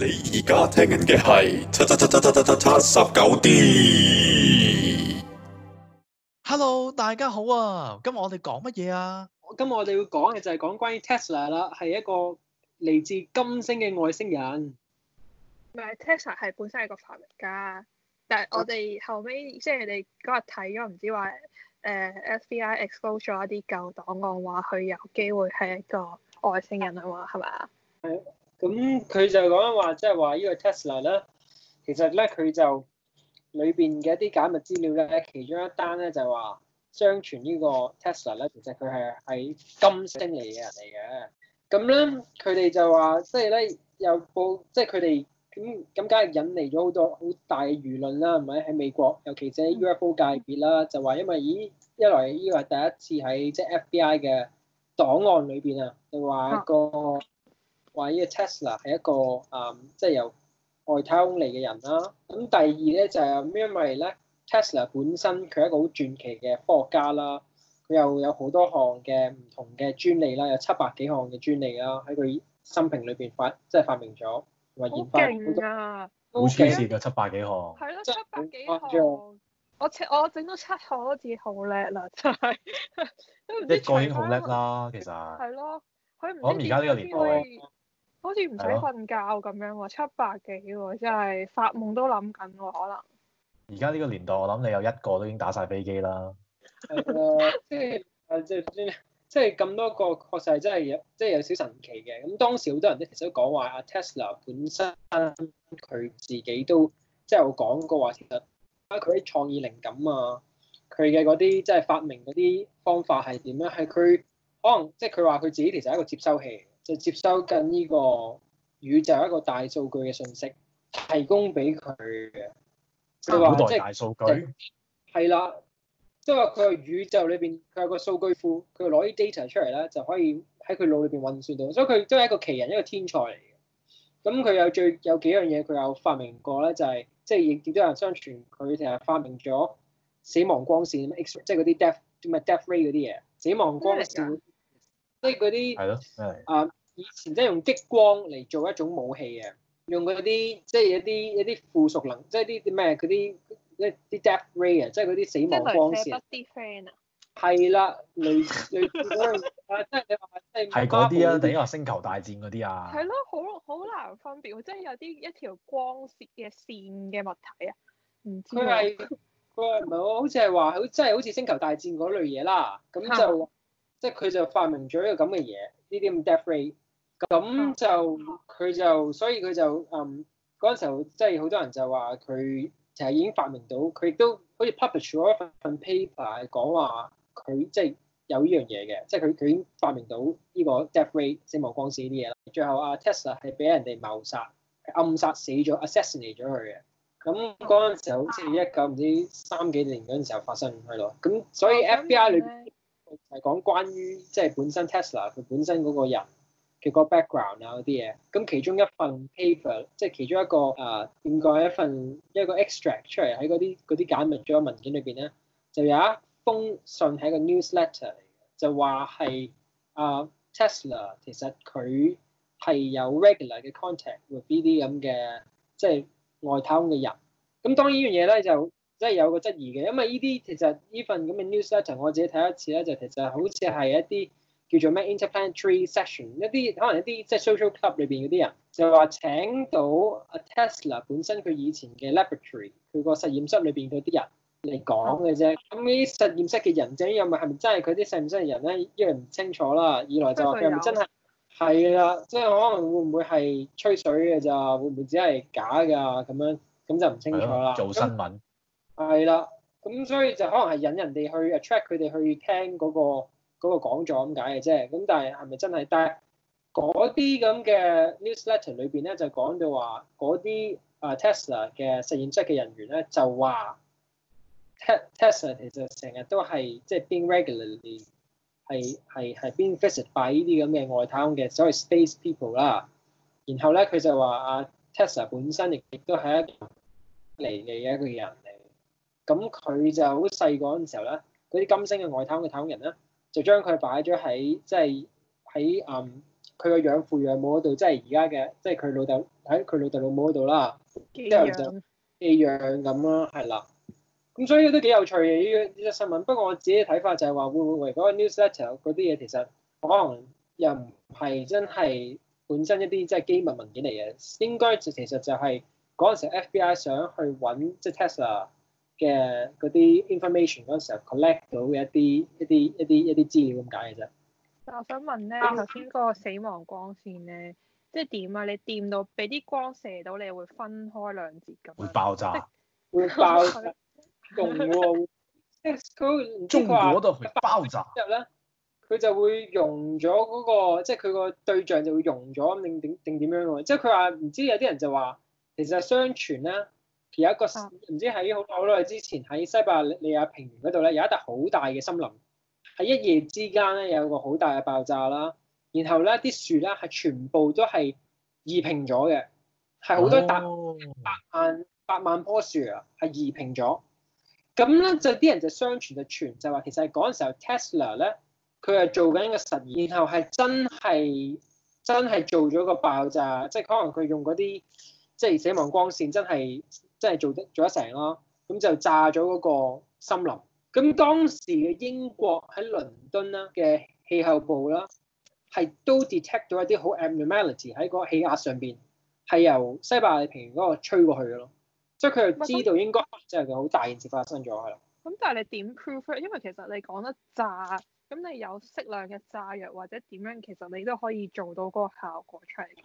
你而家聽緊嘅係七七七七七七七七十九 D。Hello，大家好啊！今日我哋講乜嘢啊？今日我哋要講嘅就係講關於 Tesla 啦，係一個嚟自金星嘅外星人。唔係 Tesla 係本身係個發明家，但係我哋後尾即係你哋嗰日睇咗唔知話誒、呃、SBI expose 咗一啲舊檔案，話佢有機會係一個外星人啊？話係嘛？係咁佢就講話，即係話呢個 Tesla 咧，其實咧佢就裏邊嘅一啲解密資料咧，其中一單咧就話、是，相傳個呢個 Tesla 咧，其實佢係喺金星嚟嘅人嚟嘅。咁咧，佢哋就話，即係咧有報，即係佢哋咁咁，梗、嗯、係引嚟咗好多好大嘅輿論啦，唔係？喺美國，尤其喺 UFO 界別啦，就話因為咦，一來呢個係第一次喺即係、就是、FBI 嘅檔案裏邊啊，就話一個。話呢個 Tesla 係一個誒、嗯，即係由外太空嚟嘅人啦、啊。咁第二咧就係咩？因為咧 Tesla 本身佢係一個好傳奇嘅科學家啦，佢又有好多項嘅唔同嘅專利啦，有七百幾項嘅專利啦，喺佢生平裏邊發，即係發明咗。好勁啊！好黐線㗎，七百幾項。係咯，七百幾項我我整到七項都已經好叻啦，真係。就係、 道一個已經好叻啦，其實。係咯，佢唔？我而家呢個年代。好似唔使瞓覺咁樣喎，哦，係啊，七百幾喎，真係發夢都諗緊喎，可能。而家呢個年代，我諗你有一個都已經打晒飛機啦。係啊，即係啊，即係即係咁多個，確實係真係有，即係有少神奇嘅。咁當時好多人都其實都講話啊 Tesla 本身佢自己都，即係我講過話，其實啊佢啲創意靈感啊，佢嘅嗰啲即係發明嗰啲方法係點樣？係佢。可能即係佢話佢自己其實係一個接收器，就接收緊呢個宇宙一個大數據嘅信息，提供俾佢。嘅、即係話。古代大數據係啦，即係話佢個宇宙裏邊佢有個數據庫，佢攞啲 data 出嚟咧就可以喺佢腦裏邊運算到，所以佢都係一個奇人，一個天才嚟嘅。咁佢有最有幾樣嘢佢有發明過咧，就係即係亦都有人相傳佢係發明咗死亡光線，即係嗰啲 death 唔係 death ray 嗰啲嘢，死亡光線。即係嗰啲係咯，啊！以前即係用激光嚟做一種武器嘅，用嗰啲即係一啲一啲附屬能，即係啲咩嗰啲一啲 death ray 啊，即係嗰啲死亡光線。即係嗰啲 friend 啊。係啦，類類似即係 你話即啲啊，定係星球大戰嗰啲啊？係咯， 好、就是、好難分別，即係有啲一條光線嘅線嘅物體啊，唔知。佢係佢係唔係好似係話佢即係好似星球大戰嗰類嘢啦？咁就。 即係佢就發明咗一個咁嘅嘢，呢啲咁 death ray 咁就佢就所以佢就嗯嗰陣時候即係好多人就話佢就係已經發明到，佢亦都好似 publish 咗一份 paper 係講話佢即係有呢樣嘢嘅，即係佢佢已經發明到呢個 death ray 死亡光線啲嘢啦。最後阿 Tesla 係俾人哋謀殺、係暗殺死咗，assassinate 咗佢嘅。咁嗰陣時候好似一九唔知三幾年嗰陣時候發生係咯。咁所以 FBI 裏邊。係講關於即係本身 Tesla 佢本身嗰個人佢個 background 啊、嗰啲嘢，咁其中一份 paper 即係其中一個誒點講一份一個 extract 出嚟喺嗰啲嗰啲解密咗文件裏邊咧，就有一封信係個 newsletter 嚟嘅，就話係啊 Tesla 其實佢係有 regular 嘅 contact with 呢啲咁嘅即係外太空嘅人，咁當然呢樣嘢咧就。即係有個質疑嘅，因為呢啲其實呢份咁嘅 news letter，我自己睇一次咧，就其實好似係一啲叫做咩 interplanetary session，一啲可能一啲即係 social club 裏邊嗰啲人，就話請到阿 Tesla 本身佢以前嘅 laboratory，佢個實驗室裏邊嗰啲人嚟講嘅啫。咁呢啲實驗室嘅人，即又咪冇係咪真係佢啲實驗室嘅人咧？一來唔清楚啦，二來就話佢係咪真係係啦，即係可能會唔會係吹水嘅咋？會唔會只係假㗎咁樣？咁就唔清楚啦、嗯。做新聞。係啦，咁所以就可能係引人哋去 attract 佢哋去聽嗰個嗰個講座咁解嘅啫。咁但係係咪真係？但係嗰啲咁嘅 newsletter 裏邊咧，就講到話嗰啲啊 Tesla 嘅實驗室嘅人員咧，就話 Tesla 其實成日都係即係 being regularly 係係係 being visited by 呢啲咁嘅外太空嘅所謂 space people 啦。然後咧佢就話啊 Tesla 本身亦亦都係一嚟嚟嘅一個人。咁佢就好細個嗰陣時候咧，嗰啲金星嘅外太空嘅太空人咧，就將佢擺咗喺即係喺嗯佢嘅養父養母嗰度，即係而家嘅即係佢老豆喺佢老豆老母嗰度啦，寄養咁咯，係啦。咁所以都幾有趣嘅呢個呢則新聞。不過我自己嘅睇法就係、是、話，會唔會為嗰個 newsletter 嗰啲嘢，其實可能又唔係真係本身一啲即係機密文件嚟嘅，應該就其實就係嗰陣時 FBI 想去揾即係 Tesla。就是嘅嗰啲 information 嗰時候 collect 到嘅一啲一啲一啲一啲資料咁解嘅啫。其實我想問咧，頭先個死亡光線咧，即係點啊？你掂到俾啲光射到，你會分開兩節咁？會爆炸？會爆用？中果都會爆炸。即係咧，佢 就會溶咗嗰個，即係佢個對象就會溶咗，定點定點樣？即係佢話唔知有啲人就話，其實係相傳咧。有一個唔知喺好耐好耐之前喺西伯利亞平原嗰度咧，有一笪好大嘅森林，喺一夜之間咧有個好大嘅爆炸啦，然後咧啲樹咧係全部都係移平咗嘅，係好多百百萬、oh. 百萬棵樹啊，係移平咗，咁咧就啲人就相傳就傳就話其實係嗰陣時候 Tesla 咧佢係做緊一個實驗，然後係真係真係做咗個爆炸，即係可能佢用嗰啲即係死亡光線真係。即係做得做得成咯，咁就炸咗嗰個森林。咁當時嘅英國喺倫敦啦嘅氣候部啦，係都 detect 到一啲好 abnormality 喺個氣壓上邊，係由西伯利平原嗰個吹過去嘅咯。所以佢又知道應該即係佢好大件事發生咗係咯。咁但係你點 prove it? 因為其實你講得炸，咁你有適量嘅炸藥或者點樣，其實你都可以做到嗰個效果出嚟。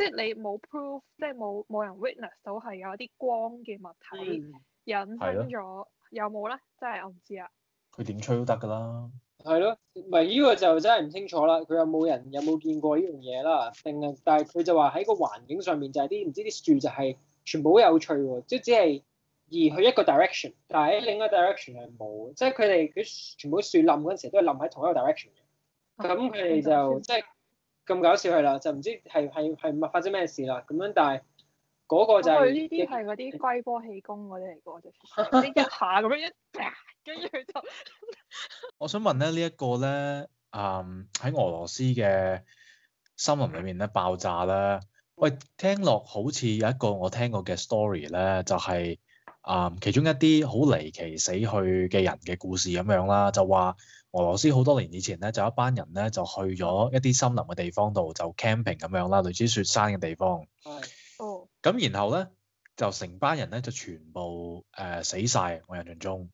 即係你冇 proof，即係冇冇人 witness 到係有一啲光嘅物體、嗯、引生咗，的有冇咧？真係我唔知啊。佢點吹都得㗎啦。係咯，唔係呢個就真係唔清楚啦。佢有冇人有冇見過呢樣嘢啦？定係但係佢就話喺個環境上面就係啲唔知啲樹就係全部好有趣喎，即係只係移去一個 direction，但係喺另一個 direction 係冇，即係佢哋全部啲樹冧嗰陣時都係冧喺同一個 direction 嘅。咁佢哋就即係。嗯咁搞笑係啦，就唔知係係係發生咩事啦，咁樣，但係嗰個就係呢啲係嗰啲龜波氣功嗰啲嚟嘅喎，就一下咁樣一，跟住就。我想問咧，這個、呢一個咧，誒、嗯、喺俄羅斯嘅森林裏面咧爆炸啦。喂，聽落好似有一個我聽過嘅 story 咧，就係、是、誒、嗯、其中一啲好離奇死去嘅人嘅故事咁樣啦，就話。俄羅斯好多年以前咧，就有一班人咧就去咗一啲森林嘅地方度，就 camping 咁樣啦，類似雪山嘅地方。咁 Yes .、oh. 然後咧，就成班人咧就全部誒、呃、死晒。我印象中。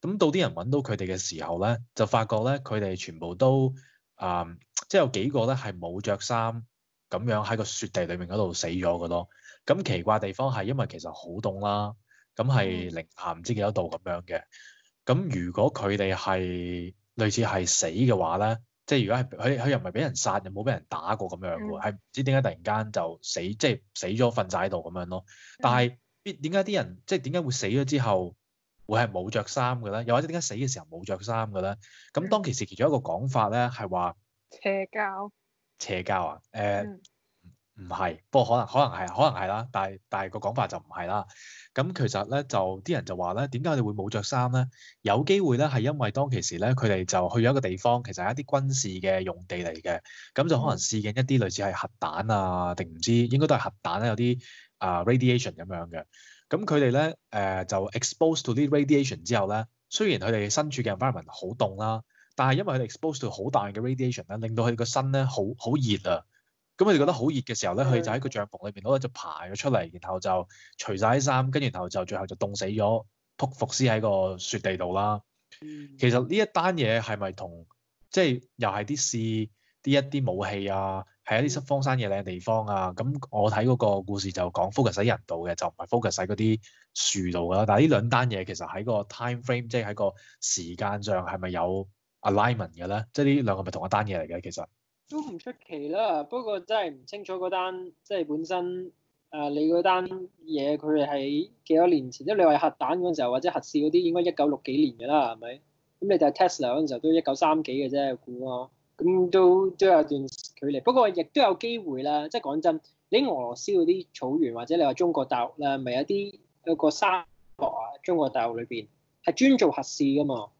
咁到啲人揾到佢哋嘅時候咧，就發覺咧佢哋全部都啊、呃，即係有幾個咧係冇着衫咁樣喺個雪地裏面嗰度死咗㗎咯。咁奇怪地方係因為其實好凍啦，咁係零下唔知幾多度咁樣嘅。咁如果佢哋係，類似係死嘅話咧，即係如果係佢佢又唔係俾人殺，又冇俾人打過咁樣嘅喎，係唔、嗯、知點解突然間就死，即係死咗瞓晒喺度咁樣咯。但係點點解啲人即係點解會死咗之後會係冇着衫嘅咧？又或者點解死嘅時候冇着衫嘅咧？咁當其時其中一個講法咧係話邪教，邪教啊，誒、呃。嗯唔係，不過可能可能係，可能係、啊啊、啦，但係但係個講法就唔係啦。咁其實咧就啲人就話咧，點解我哋會冇着衫咧？有機會咧係因為當其時咧，佢哋就去咗一個地方，其實係一啲軍事嘅用地嚟嘅。咁就可能試緊一啲類似係核彈啊，定唔知應該都係核彈啦、啊，有啲啊、uh, radiation 咁樣嘅。咁佢哋咧誒就 exposed to 啲 radiation 之後咧，雖然佢哋身處嘅 environment 好凍啦、啊，但係因為佢哋 exposed to 好大嘅 radiation 咧，令到佢個身咧好好熱啊。咁佢哋覺得好熱嘅時候咧，佢就喺個帳篷裏邊，攞只爬咗出嚟，然後就除晒啲衫，跟住然後就最後就凍死咗，撲伏屍喺個雪地度啦。其實呢一單嘢係咪同即係又係啲試啲一啲武器啊，係一啲失荒山野嶺嘅地方啊？咁我睇嗰個故事就講 focus 喺人度嘅，就唔係 focus 喺嗰啲樹度噶啦。但係呢兩單嘢其實喺個 time frame，即係喺個時間上係咪有 alignment 嘅咧？即係呢兩個咪同一單嘢嚟嘅其實？都唔出奇啦，不過真係唔清楚嗰單，即係本身誒你嗰單嘢佢係幾多年前，因為你話核彈嗰陣時候或者核試嗰啲，應該一九六幾年㗎啦，係咪？咁你就係 Tesla 嗰陣時候都一九三幾嘅啫，估囉，咁都都有段距離。不過亦都有機會啦，即係講真，你俄羅斯嗰啲草原或者你話中國大陸咧，咪有啲有個沙漠啊？中國大陸裏邊係專做核試㗎嘛？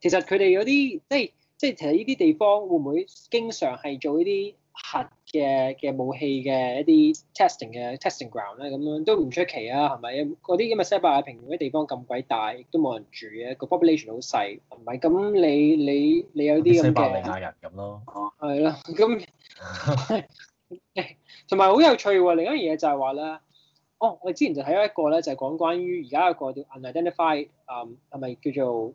其實佢哋有啲即係。即係其實呢啲地方會唔會經常係做呢啲核嘅嘅武器嘅一啲 testing 嘅 testing ground 咧？咁樣都唔出奇啊，係咪？嗰啲咁嘅西伯利亞平原，啲地方咁鬼大，都冇人住嘅，個 population 好細，唔係咁你你你有啲咁嘅西伯利亞人咁咯，係咯、啊，咁同埋好有趣喎、啊。另一樣嘢就係話咧，哦，我哋之前就睇咗一個咧，就係講關於而家一個叫 unidentified，係、嗯、咪叫做？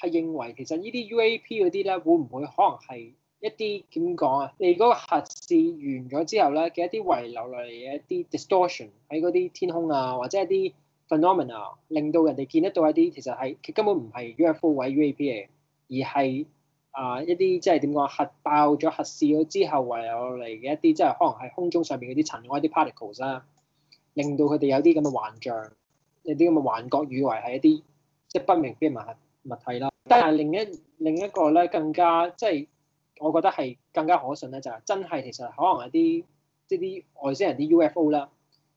係認為其實呢啲 UAP 嗰啲咧，會唔會可能係一啲點講啊？你嗰個核試完咗之後咧嘅一啲遺留落嚟嘅一啲 distortion 喺嗰啲天空啊，或者一啲 phenomena，令到人哋見得到一啲其實係其根本唔係 UFO 位 UAP 嚟，而係啊、呃、一啲即係點講核爆咗核試咗之後遺留落嚟嘅一啲即係可能係空中上面嗰啲塵埃啲 particles 啦、啊，令到佢哋有啲咁嘅幻象，有啲咁嘅幻覺，以為係一啲即係不明之物。物體啦，但係另一另一個咧，更加即係、就是、我覺得係更加可信咧，就係真係其實可能係啲即係啲外星人啲 UFO 啦，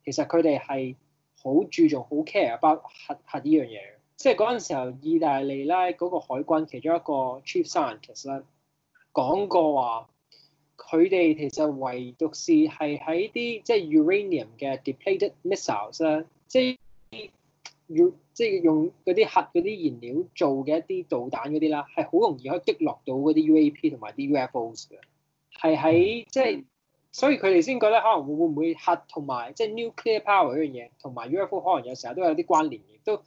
其實佢哋係好注重、好 care about 核核呢樣嘢。即係嗰陣時候，意大利啦嗰個海軍其中一個 chief scientist 講過話，佢哋其實唯獨是係喺啲即係、就是、uranium 嘅 depleted missiles、就是即係用嗰啲核嗰啲燃料做嘅一啲導彈嗰啲啦，係好容易可以擊落到嗰啲 UAP 同埋啲 UFO 嘅。係喺即係，所以佢哋先覺得可能會會唔會核同埋即係 nuclear power 呢樣嘢，同埋 UFO 可能有時候都有啲關聯，亦都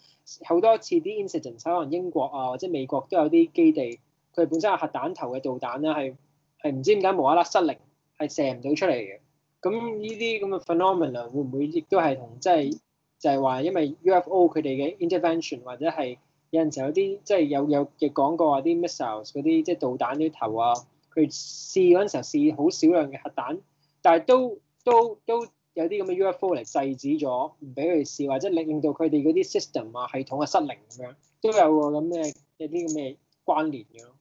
好多次啲 incident，可能英國啊或者美國都有啲基地，佢本身係核彈頭嘅導彈啦，係係唔知點解無啦啦失靈，係射唔到出嚟嘅。咁呢啲咁嘅 phenomena 會唔會亦都係同即係？就是就係話，因為 UFO 佢哋嘅 intervention 或者係有陣時候有啲即係有有亦講過話啲 missiles 嗰啲即係導彈啲頭啊，佢試嗰陣時候試好少量嘅核彈，但係都都都有啲咁嘅 UFO 嚟制止咗，唔俾佢哋試，或者令令到佢哋嗰啲 system 啊系統啊失靈咁樣，都有個，咁嘅一啲咁嘅關聯嘅咯。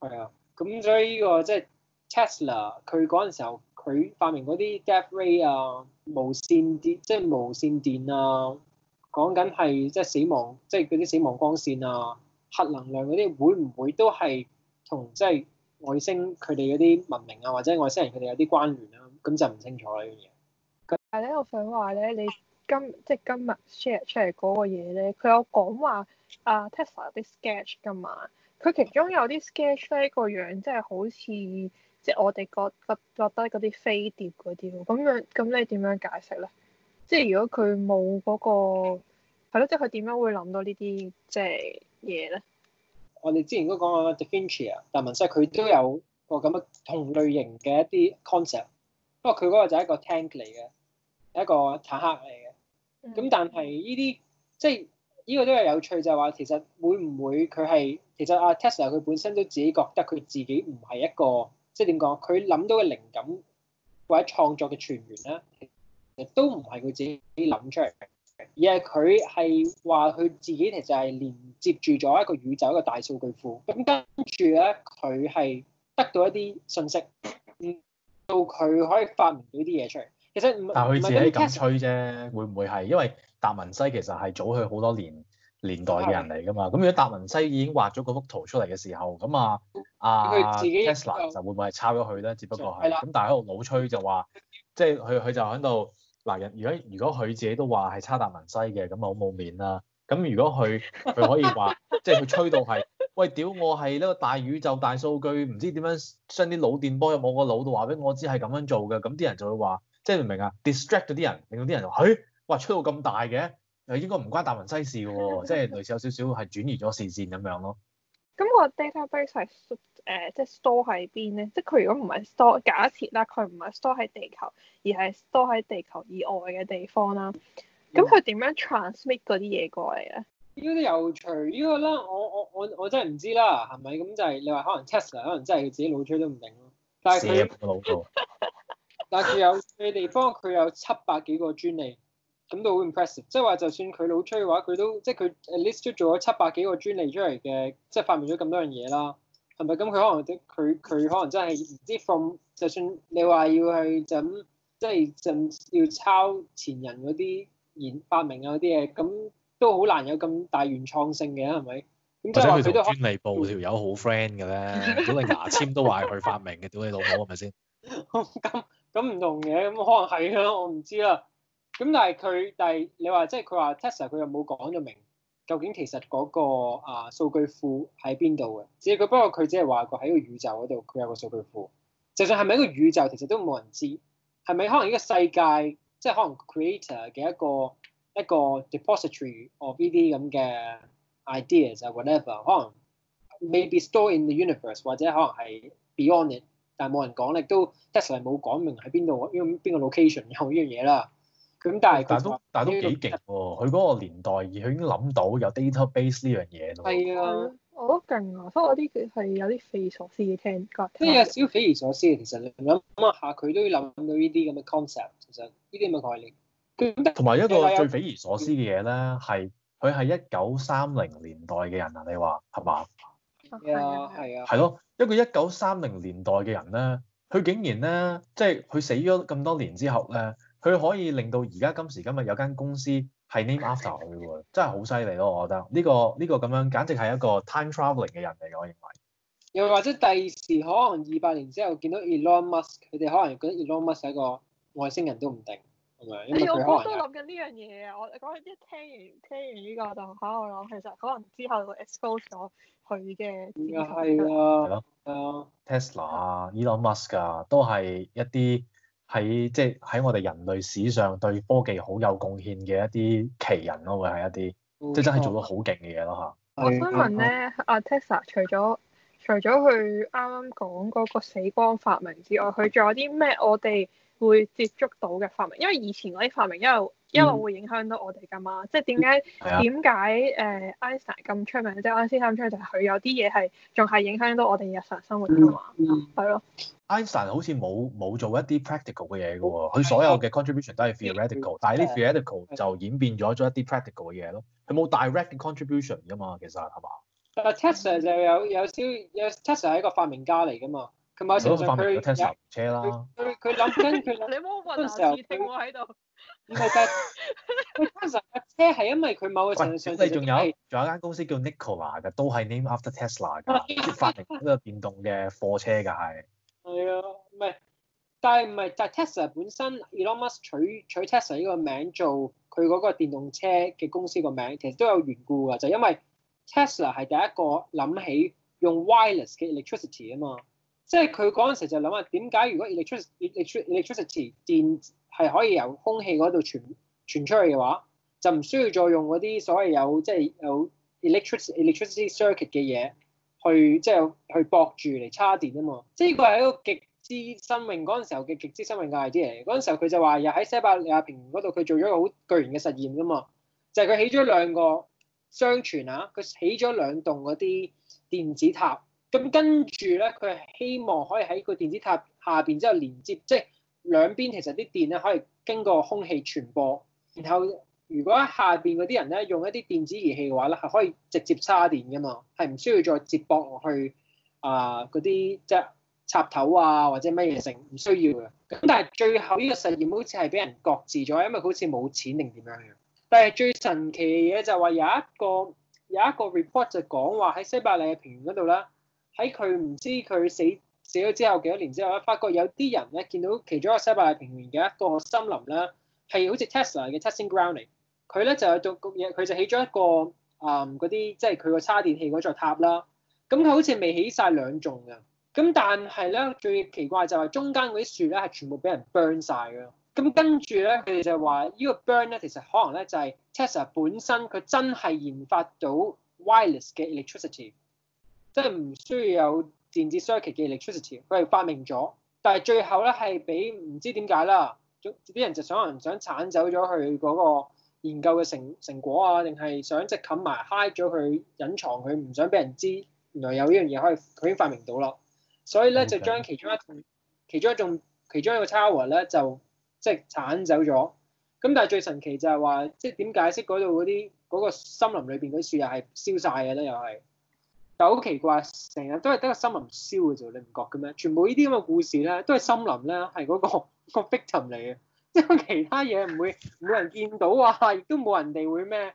係啊，咁所以呢個即係 Tesla 佢嗰陣時候。佢發明嗰啲 death ray 啊，無線電即係無線電啊，講緊係即係死亡，即係嗰啲死亡光線啊，核能量嗰啲會唔會都係同即係外星佢哋嗰啲文明啊，或者外星人佢哋有啲關聯啊？咁就唔清楚啦樣嘢。但係咧，我想話咧，你今即係今日 share 出嚟嗰個嘢咧，佢有講話啊 Tesla 有啲 sketch 噶嘛，佢其中有啲 sketch 咧，個樣即係好似～即係我哋覺覺覺得嗰啲飛碟嗰啲咯，咁樣咁你點樣解釋咧？即係如果佢冇嗰個係咯，即係佢點樣會諗到、就是、呢啲即係嘢咧？我哋之前都講過達文西啊，達文西佢都有個咁嘅同類型嘅一啲 concept，不過佢嗰個就係一個 tank 嚟嘅，一個坦克嚟嘅。咁、嗯、但係呢啲即係呢個都係有趣，就係話其實會唔會佢係其實阿 Tesla 佢本身都自己覺得佢自己唔係一個。即係點講？佢諗到嘅靈感或者創作嘅泉源啦，其實都唔係佢自己諗出嚟，而係佢係話佢自己其實係連接住咗一個宇宙一個大數據庫。咁跟住咧，佢係得到一啲信息，到佢可以發明到啲嘢出嚟。其實唔係但佢自己咁吹啫，會唔會係因為達文西其實係早佢好多年？年代嘅人嚟噶嘛？咁如果達文西已經畫咗嗰幅圖出嚟嘅時候，咁啊啊 Tesla 就會唔會係抄咗佢咧？只不過係咁，的但係喺度老吹就話，即係佢佢就喺度嗱，若如果如果佢自己都話係抄達文西嘅，咁咪好冇面啦、啊。咁如果佢佢可以話，即係佢吹到係 喂屌，我係呢個大宇宙大數據，唔知點樣將啲腦電波入我個腦度，話俾我知係咁樣做嘅，咁啲人就會話，即、就、係、是、明唔明啊？Distract 到啲人，令到啲人話，嘿、欸，哇，吹到咁大嘅。誒應該唔關達文西事喎、哦，即係類似有少少係轉移咗視線咁樣咯、哦。咁 個 database 係誒即、呃、係 store 喺邊咧？即係佢如果唔係 store，假設啦，佢唔係 store 喺地球，而係 store 喺地球以外嘅地方啦。咁佢點樣 transmit 嗰啲嘢過嚟啊？呢、嗯、個有趣呢個啦，我我我我真係唔知啦，係咪咁就係你話可能 Tesla 可能真係佢自己老作都唔定咯。但係佢， 但係佢有嘅地方，佢有七百幾個專利。咁都好 impressive，即係話就算佢老吹嘅話，佢都即係佢 list 出做咗七百幾個專利出嚟嘅，即係發明咗咁多樣嘢啦，係咪？咁佢可能佢佢可能真係唔知 From，就算你話要去就咁，即係就要抄前人嗰啲研發明嗰啲嘢，咁都好難有咁大原創性嘅，係咪？即或者佢都專利部條友好 friend 嘅咧，屌你 牙籤都話佢發明嘅，屌 你老母係咪先？咁咁唔同嘅，咁可能係啊，我唔知啦。咁但係佢，但係你話即係佢話 Tesla 佢又冇講咗明，究竟其實嗰個啊數據庫喺邊度嘅？只係佢不過佢只係話過喺個宇宙嗰度佢有個數據庫。就算係咪一個宇宙，其實都冇人知。係咪可能呢個世界即係可能 Creator 嘅一個一個 depository of 呢啲咁嘅 ideas or whatever，可能 maybe store in the universe 或者可能係 beyond it，但係冇人講，亦都 Tesla 冇講明喺邊度，邊個 location 有呢樣嘢啦。咁但係，但係都，但係都幾勁喎！佢嗰個年代，而佢已經諗到有 database 呢樣嘢。係啊，我都勁啊！不過啲係有啲匪夷所思嘅聽。即係有少匪夷所思，其實你諗下，佢都諗到依啲咁嘅 concept，其實依啲咁嘅概念。同埋一個最匪夷所思嘅嘢咧，係佢係一九三零年代嘅人啊！你話係嘛？係啊，係啊。係咯，一個一九三零年代嘅人咧，佢竟然咧，即係佢死咗咁多年之後咧。佢可以令到而家今時今日有間公司係 name after 佢喎，真係好犀利咯！我覺得呢個呢個咁樣，簡直係一個 time travelling 嘅人嚟，我認為。又或者第二時可能二百年之後見到 Elon Musk，佢哋可能覺得 Elon Musk 係一個外星人都唔定，係咪？因為都諗緊呢樣嘢啊！我講完一聽完聽完呢個就嚇我諗，其實可能之後會 expose 咗佢嘅。而家係啦，係咯，Tesla 啊，Elon Musk 㗎，都係一啲。喺即係喺我哋人類史上對科技好有貢獻嘅一啲奇人咯、啊，會係一啲沒錯 即係真係做到好勁嘅嘢咯吓，我想問咧，阿、啊啊啊、Tesla 除咗除咗佢啱啱講嗰個死光發明之外，佢仲有啲咩我哋？會接觸到嘅發明，因為以前嗰啲發明一路一路會影響到我哋噶嘛。嗯、即係點解點解誒愛因斯坦咁出名？即係愛因斯坦咁出名就係佢有啲嘢係仲係影響到我哋日常生活噶嘛。係咯，愛因斯坦、嗯、了好似冇冇做一啲 practical 嘅嘢噶喎。佢、嗯、所有嘅 contribution 都係 theoretical，但係啲 theoretical 就演變咗咗一啲 practical 嘅嘢咯。佢冇 direct contribution 㗎嘛，其實係嘛？但 Tesla 就有有少有 Tesla 係一個發明家嚟㗎嘛。佢某程度，佢發明個 Tesla 車啦。佢佢諗緊，佢你冇問啊？嗰陣我喺度。唔係， 但係佢 Tesla 嘅車係因為佢某程度上。喂，小仲有，仲有間公司叫 Nikola 嘅，都係 name after Tesla 嘅， 發明嗰個電動嘅貨車㗎，係。係啊，唔係，但係唔係就 Tesla 本身，Elon Musk 取取 Tesla 呢個名做佢嗰個電動車嘅公司個名，其實都有緣故㗎，就因為 Tesla 係第一個諗起用 wireless 嘅 electricity 啊嘛。即係佢嗰陣時就諗下點解如果 electricity, electricity e l 電係可以由空氣嗰度傳傳出去嘅話，就唔需要再用嗰啲所謂有即係有 electricity electricity circuit 嘅嘢去即係去駁住嚟叉電啊嘛！即係呢個係一個極之新穎嗰陣時候嘅極之新穎嘅 idea 嚟。嗰陣時候佢就話又喺西伯利亞平原嗰度佢做咗一個好巨型嘅實驗㗎嘛，就係佢起咗兩個雙傳啊，佢起咗兩棟嗰啲電子塔。咁跟住咧，佢希望可以喺個電子塔下邊之後連接，即係兩邊其實啲電咧可以經過空氣傳播，然後如果喺下邊嗰啲人咧用一啲電子儀器嘅話咧，係可以直接叉電噶嘛，係唔需要再接駁落去啊嗰啲即插頭啊或者乜嘢成，唔需要嘅。咁但係最後呢個實驗好似係俾人擱置咗，因為好似冇錢定點樣嘅。但係最神奇嘅嘢就話有一個有一個 report 就講話喺西伯利亞平原嗰度啦。喺佢唔知佢死死咗之後幾多年之後咧，發覺有啲人咧見到其中一個西伯利平原嘅一個森林咧，係好似 Tesla 嘅 Testing Ground，佢咧就有種嘅嘢，佢就起咗一個嗯嗰啲即係佢個叉電器嗰座塔啦。咁佢好似未起晒兩棟㗎。咁但係咧最奇怪就係中間嗰啲樹咧係全部俾人 burn 晒㗎。咁跟住咧佢哋就話呢個 burn 咧其實可能咧就係 Tesla 本身佢真係研發到 wireless 嘅 electricity。即係唔需要有電子 circuit 嘅 electricity，佢係發明咗，但係最後咧係俾唔知點解啦，啲人就想可能想剷走咗佢嗰個研究嘅成成果啊，定係想即冚埋 hide 咗佢，隱藏佢唔想俾人知原來有呢樣嘢可以佢已經發明到咯。所以咧就將其中一其中一種其，其中一個 tower 咧就即係剷走咗。咁但係最神奇就係話，即係點解釋嗰度嗰啲嗰個森林裏邊嗰啲樹又係燒晒嘅咧，又係。就好奇怪，成日都係得個森林燒嘅啫，你唔覺嘅咩？全部呢啲咁嘅故事咧，都係森林咧係嗰個、嗰個 victim 嚟嘅，即係其他嘢唔會冇人見到啊，亦都冇人哋會咩？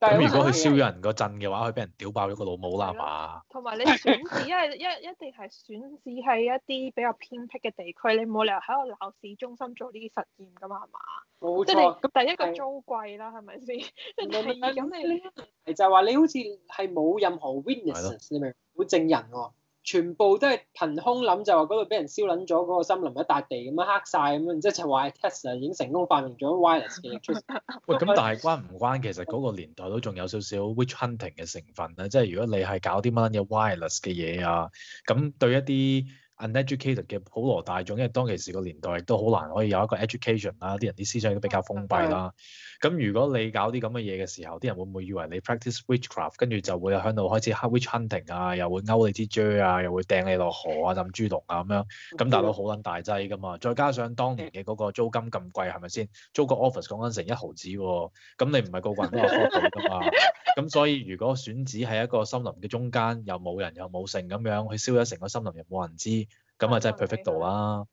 如果佢燒人嗰陣嘅話，佢俾人屌爆咗個老母啦嘛！同埋吧 你選址，一係一一定係選址喺一啲比較偏僻嘅地區，你冇理由喺個鬧市中心做呢啲實驗㗎嘛，係嘛？冇錯。咁第一個租貴啦，係咪先？咁你咁你呢？你你就係話你好似係冇任何 witnesses 你明唔明？冇證人喎。全部都係憑空諗就話嗰度俾人燒撚咗嗰個森林一笪地咁樣黑晒。咁樣，即係就話、是、Tesla 已經成功發明咗 wireless 嘅嘢出嚟 喂，咁但係關唔關 其實嗰個年代都仲有少少 witch hunting 嘅成分咧？即係如果你係搞啲乜嘢 wireless 嘅嘢啊，咁對一啲。uneducated 嘅普羅大眾，因為當其時個年代都好難可以有一個 education 啦，啲人啲思想都比較封閉啦。咁的如果你搞啲咁嘅嘢嘅時候，啲人會唔會以為你 practice witchcraft，跟住就會喺度開始黑 witch hunting 啊，又會勾你支 j 啊，又會掟你落河啊，浸豬籠啊咁樣。咁大係都好撚大劑噶嘛。再加上當年嘅嗰個租金咁貴，係咪先租個 office 講緊成一毫子喎、哦？咁你唔係個個人都有 office 噶嘛？咁 所以如果選址喺一個森林嘅中間，又冇人又冇剩咁樣，去燒咗成個森林又冇人知。咁啊，真係 perfect 到啦！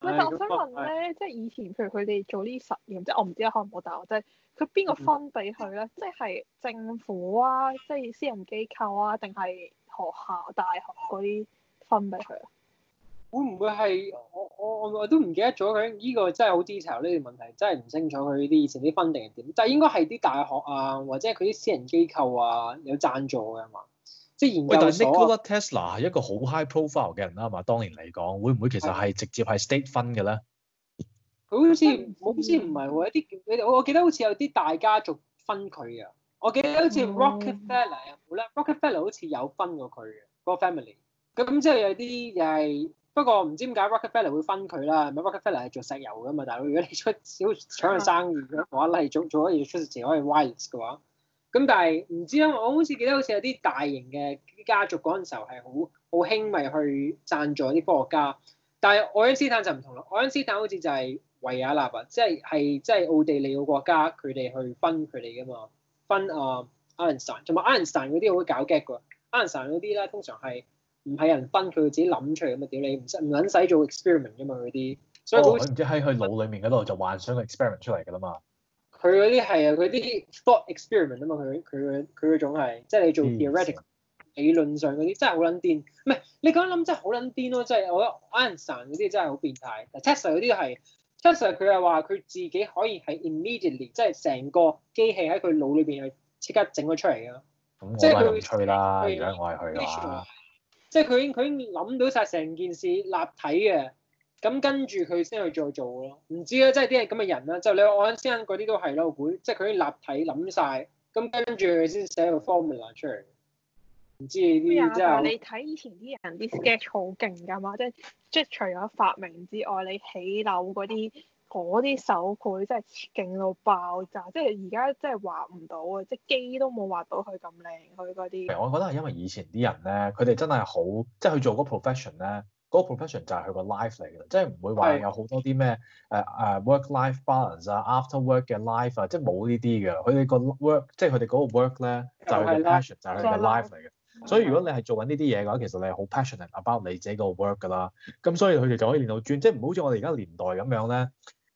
喂，但我想問咧，即係以前譬如佢哋做呢實驗，即係我唔知可唔可大我，即係佢邊個分俾佢咧？即係政府啊，即係私人機構啊，定係學校大學嗰啲分俾佢啊？會唔會係我我我都唔記得咗佢，呢個真係好 detail 呢個問題，真係唔清楚佢呢啲以前啲分定係點？但係應該係啲大學啊，或者係佢啲私人機構啊有贊助嘅嘛？即係但係 Nikola Tesla 係一個好 high profile 嘅人啦，嘛？當年嚟講，會唔會其實係直接係 state 分嘅咧？佢、嗯、 好似，好似唔係喎。啲你我我記得好似有啲大家族分佢啊。我記得好似 Rockefeller 啊，好啦 Rockefeller 好似有分過佢嘅嗰 family。咁即係有啲又係，不過唔知點解 Rockefeller 會分佢啦。唔係 Rockefeller 係做石油㗎嘛？但係，如果你出少搶下生意嘅話，係做做一啲 electricity 或者 wild 嘅話。咁但係唔知咧，我好似記得好似有啲大型嘅啲家族嗰陣時候係好好興，咪去贊助啲科學家。但係愛因斯坦就唔同啦，愛因斯坦好似就係維也納啊，即係係即係奧地利個國家，佢哋去分佢哋噶嘛，分啊愛因斯坦，同埋愛因斯坦嗰啲好搞 gag 㗎，愛因斯坦嗰啲咧通常係唔係人分佢自己諗出嚟咁啊？屌你唔使唔撚使做 experiment 㗎嘛嗰啲，所以佢唔、哦、知喺佢腦裡面嗰度就幻想個 experiment 出嚟㗎啦嘛。佢嗰啲係啊，佢啲 thought experiment 啊嘛，佢佢佢佢嗰種係，即係你做 theoretic 理論上嗰啲真係好撚癲，唔係你咁樣諗真係好撚癲咯，即係我覺得 Anson 嗰啲真係好變態，但 Tesla 嗰啲都係，Tesla 佢係話佢自己可以係 immediately，即係成個機器喺佢腦裏邊係即刻整咗出嚟㗎，即係佢啦，而家我係去啦，即係佢已經佢已經諗到晒成件事立體嘅。咁跟住佢先去再做做咯，唔知咧啊，即係啲咁嘅人啦啊。就你我啱先嗰啲都係啦，個即係佢啲立體諗晒，咁跟住先寫個 formula 出嚟。唔知呢啲即係你睇以前啲人啲 sketch 好勁㗎嘛，即係即係除咗發明之外，你起樓嗰啲啲手繪真係勁到爆炸，即係而家真係畫唔到啊，即係機都冇畫到佢咁靚佢嗰啲。我覺得係因為以前啲人咧，佢哋真係好，即係去做嗰 profession 咧。嗰個 profession 就係佢個 life 嚟嘅，即係唔會話有好多啲咩誒誒 work-life balance 啊、after work 嘅 life 啊，work，即係冇呢啲嘅。佢哋個 work 即係佢哋嗰個 work 咧，就係、是、佢嘅 passion，就係佢嘅 life 嚟嘅。嗯、所以如果你係做緊呢啲嘢嘅話，其實你係好 passionate about 你自己個 work 㗎啦。咁所以佢哋就可以練到轉，即係唔好似我哋而家年代咁樣咧，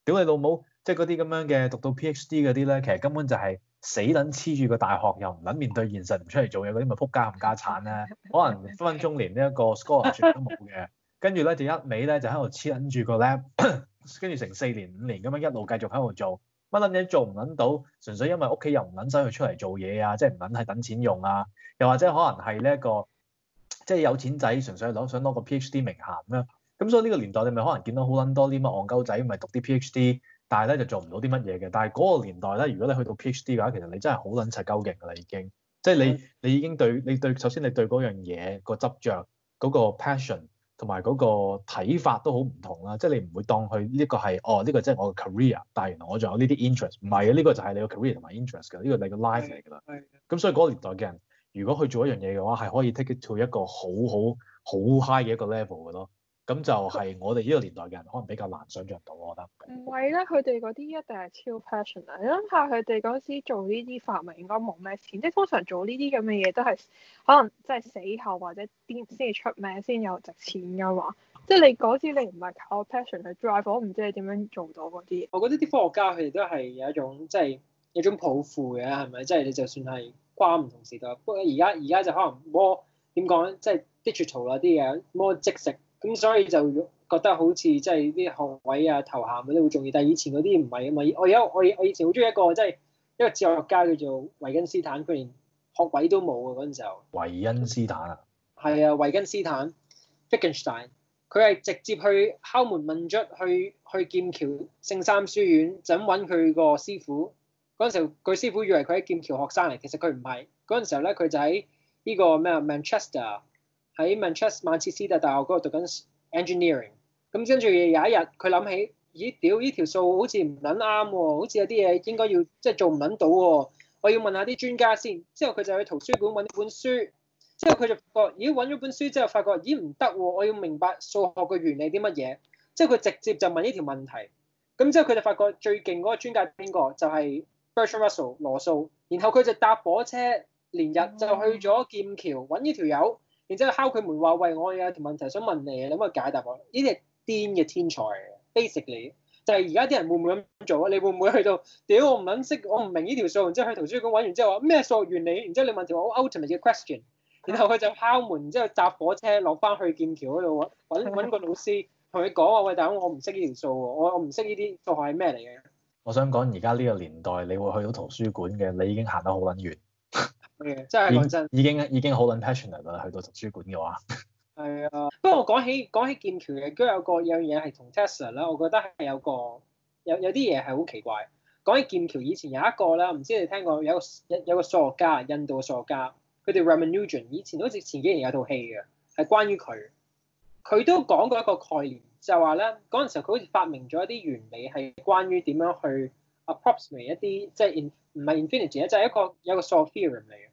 屌你老母，即係嗰啲咁樣嘅讀到 PhD 嗰啲咧，其實根本就係死撚黐住個大學，又唔撚面對現實，唔出嚟做嘢嗰啲咪撲家冚家鏟咧。可能分分鐘連呢一個 scholarship 都冇嘅。 跟住咧就一味咧就喺度黐撚住個 lab， 跟住成四年五年咁樣一路繼續喺度做乜撚嘢做唔撚到。純粹因為屋企又唔撚想佢出嚟做嘢啊，即係唔撚係等錢用啊，又或者可能係呢一個即係有錢仔，純粹攞想攞個 PhD 名銜咁樣。咁所以呢個年代你咪可能見到好撚多啲乜戇鳩仔，咪讀啲 PhD，但係咧就做唔到啲乜嘢嘅。但係嗰個年代咧，如果你去到 PhD 嘅話，其實你真係好撚柒鳩勁嘅啦，已經即係你你已經對你對，你對首先你對嗰樣嘢個執着，嗰個 passion。同埋嗰個睇法都好唔同啦，即係你唔會當佢呢個係哦呢個即係我嘅 career，但係原來我仲有呢啲 interest，唔係嘅呢個就係你個 career 同埋 interest 㗎，呢個你個 life 嚟㗎啦。係啊。咁所以嗰個年代嘅人，如果去做一樣嘢嘅話，係可以 take it to 一個好好好 high 嘅一個 level 㗎咯。咁就係我哋呢個年代嘅人，可能比較難想像到，我覺得。唔係啦，佢哋嗰啲一定係超 passion 啊！你諗下，佢哋嗰時做呢啲發明，應該冇咩錢。即係通常做呢啲咁嘅嘢，都係可能即係死後或者先至出名，先有值錢噶嘛。即係你嗰時你唔係靠 passion 去 drive，我唔知你點樣做到嗰啲。我覺得啲科學家佢哋都係有一種即係、就係、一種抱負嘅，係咪？即係你就算係跨唔同時代，不過而家而家就可能 more 點講咧，即係 digital 嗰啲嘢 more 即食。咁所以就覺得好似即係啲學位啊、頭銜嗰啲好重要，但係以前嗰啲唔係啊嘛。我有我我以前好中意一個即係、就是、一個哲學家叫做維根斯坦，佢連學位都冇啊嗰陣時候。維恩斯坦啊？係啊，維根斯坦 Wittgenstein。佢係直接去敲門問竹，去去劍橋聖三書院就揾佢個師傅。嗰陣時候，佢師傅以為佢係劍橋學生嚟，其實佢唔係。嗰陣時候咧，佢就喺呢、這個咩 Manchester。喺 Manchester 曼徹斯曼徹斯特大學嗰度讀緊 engineering，咁跟住有一日佢諗起咦，屌呢條數好似唔撚啱喎，好似有啲嘢應該要即係做唔撚到喎、啊。我要問下啲專家先。之後佢就去圖書館揾本書，之後佢就發覺咦，揾咗本書之後，發覺咦，唔得喎，我要明白數學嘅原理啲乜嘢。之後佢直接就問呢條問題，咁之後佢就發覺最勁嗰個專家邊個就係、是、Bertrand Russell 羅素，然後佢就搭火車連日就去咗劍橋揾呢條友。然之後敲佢門話：喂，我有條問題想問你，你幫我解答我。呢啲係癲嘅天才嚟 basically 就係而家啲人會唔會咁做啊？你會唔會去到屌我唔肯識，我唔明呢條數，然之後去圖書館揾完之後話咩數學原理？然之後你問條我 ultimate 嘅 question，然後佢就敲門，然之後搭火車落翻去劍橋嗰度揾個老師同佢講話：喂，大佬我唔識呢條數喎，我我唔識呢啲數學係咩嚟嘅？我，我想講而家呢個年代，你會去到圖書館嘅，你已經行得好撚遠。即係講真，真已，已經已經好 impressionate 啦。去到圖書館嘅話，係 啊。不過我講起講起劍橋亦都有個有樣嘢係同 Tesla 咧，我覺得係有個有有啲嘢係好奇怪。講起劍橋，劍橋以前有一個咧，唔知你聽過有個有有個數學家，印度嘅數學家，佢哋 Ramanujan 以前好似前幾年有套戲嘅，係關於佢。佢都講過一個概念，就話咧嗰陣時候佢好似發明咗一啲原理，係關於點樣去 approximate 一啲，即係唔係 infinity 就係、是、in, in 一個有一個數學 theorem 嚟嘅。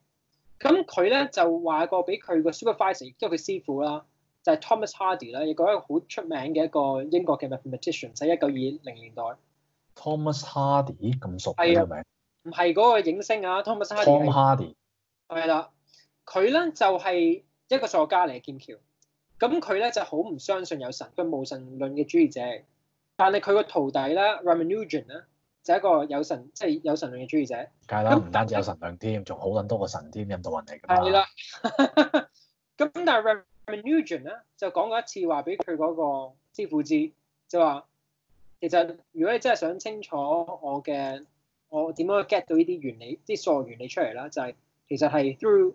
咁佢咧就話過俾佢個 supervisor，即係佢師傅啦，就係、就是、Thomas Hardy 啦，亦都係一個好出名嘅一個英國嘅 mathematician，喺一九二零年代。Thomas Hardy 咁熟係啊？唔係嗰個影星啊，Thomas Hardy, Tom Hardy。Thomas Hardy 係啦，佢咧就係、是、一個作家嚟嘅劍橋。咁佢咧就好唔相信有神，佢無神論嘅主義者。但係佢個徒弟咧 Ramanujan 啊。就一個有神，即、就、係、是、有神量嘅主義者。梗係啦，唔單止有神量添，仲、嗯、好撚多個神添，印度人嚟㗎嘛。係啦對了。咁 但係 Ramanujan 咧，就講過一次話俾佢嗰個師傅知，就話其實如果你真係想清楚我嘅，我點樣去 get 到呢啲原理，啲數學原理出嚟啦，就係、是、其實係 through。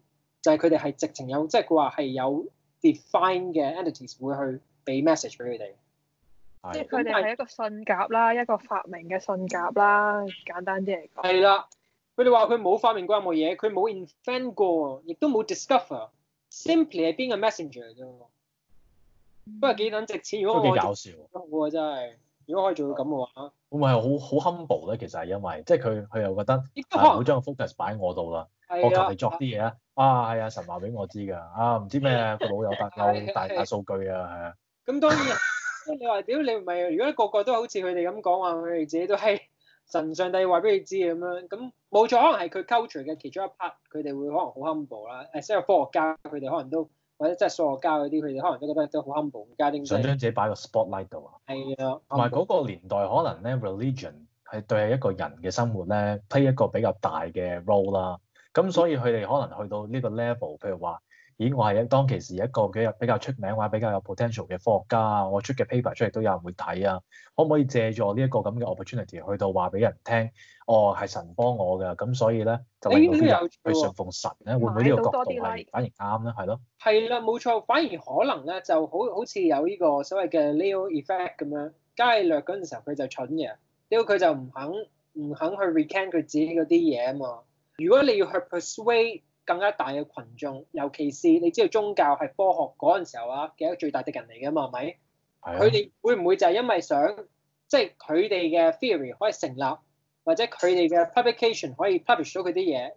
就係佢哋係直情有，即係佢話係有 define 嘅 entities 會去俾 message 俾佢哋，即係佢哋係一個信鴿啦，一個發明嘅信鴿啦，簡單啲嚟講。係啦，佢哋話佢冇發明過任何嘢，佢冇 invent 過，亦都冇 discover，simply 係邊個 messenger 嚟啫？不過幾撚值錢，如果我都幾搞笑，好啊真係，如果可以做到咁嘅話，會唔會係好好 humble 咧。其實係因為即係佢佢又覺得，亦都可能、啊、會將個 focus 擺喺我度啦，的我求你作啲嘢啊。啊，係啊，神話俾我知㗎。啊，唔知咩，個老友突拗，大把數據啊，係啊。咁當然，即係 你話屌，你唔係如果個個都好似佢哋咁講話，佢哋自己都係神上帝話俾你知咁樣。咁冇錯，可能係佢 culture 嘅其中一 part，佢哋會可能好坎坷啦。誒，即係科學家佢哋可能都，或者即係數學家嗰啲，佢哋可能都覺得都好坎坷。而家點解？想將自己擺個 spotlight 度啊。係啊的，同埋嗰個年代可能咧，religion 係對係一個人嘅生活咧，play 一個比較大嘅 role 啦。咁所以佢哋可能去到呢個 level，譬如話，咦，我係當其時一個比較比較出名或者比較有 potential 嘅科學家，我出嘅 paper 出嚟都有人會睇啊，可唔可以借助呢一個咁嘅 opportunity 去到話俾人聽，哦，係神幫我嘅，咁所以咧就為咗啲人去信奉神咧，會唔會呢個角度係反而啱咧？係咯，係啦，冇錯，反而可能咧就好好似有呢個所謂嘅 Leo effect 咁樣，伽利略嗰陣時候佢就蠢嘅，因為佢就唔肯唔肯去 recant 佢自己嗰啲嘢啊嘛。如果你要去 persuade 更加大嘅群眾，尤其是你知道宗教係科學嗰陣時候啊，嘅一個最大敵人嚟㗎嘛，係咪？係、啊。佢哋會唔會就係因為想，即係佢哋嘅 theory 可以成立，或者佢哋嘅 publication 可以 publish 到佢啲嘢，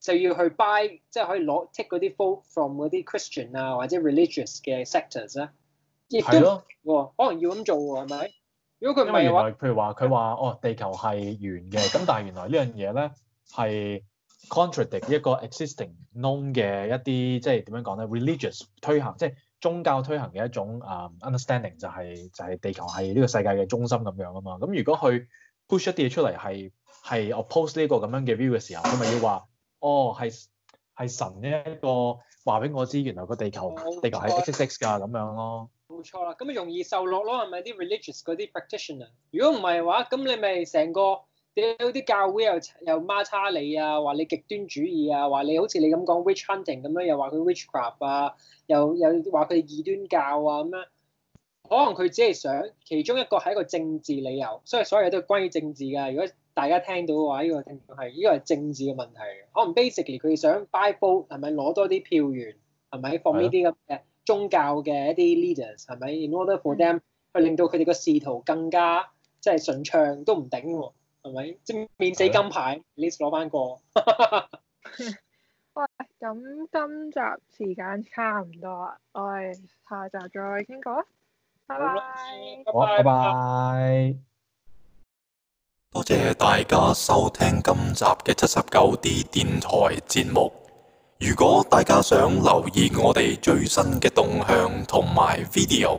就要去 buy，即係可以攞 take 嗰啲 folk from 嗰啲 Christian 啊或者 religious 嘅 sectors 咧？係咯。啊、可能要咁做喎，係咪？如果佢唔係嘅話，因為原來譬如話佢話哦地球係圓嘅，咁但係原來呢樣嘢咧係 contradict 一個 existing known 嘅一啲即係點樣講咧，religious 推行，即係宗教推行嘅一種啊 understanding 就係、是、就係、是、地球係呢個世界嘅中心咁樣啊嘛，咁如果佢 push 一啲嘢出嚟係係 oppose 呢個咁樣嘅 view 嘅時候，咁咪要話哦係係神呢一個話俾我知，原來個地球、哦、地球係 x x x 㗎咁樣咯，冇錯啦，咁咪容易受落咯，係咪啲 religious 嗰啲 practitioner？如果唔係嘅話，咁你咪成個。有啲教會又又孖叉你啊，話你極端主義啊，話你好似你咁講 witch hunting 咁樣，又話佢 witchcraft 啊，又又話佢異端教啊咁樣。可能佢只係想其中一個係一個政治理由，所以所有嘢都係關於政治㗎。如果大家聽到嘅話，呢個係呢個係政治嘅問題。可能 basically 佢想 by vote 係咪攞多啲票源係咪放呢啲咁嘅宗教嘅一啲 leaders 係咪，in order for them 去令到佢哋個仕途更加即係順暢都唔定喎。正面世金牌？你攞翻個。咁 Let 's 今集時間差唔多啦，我哋下集再傾過啦。拜拜、right.，拜拜、oh,。多謝大家收聽今集嘅七十九 D 電台節目。如果大家想留意我哋最新嘅動向同埋 video。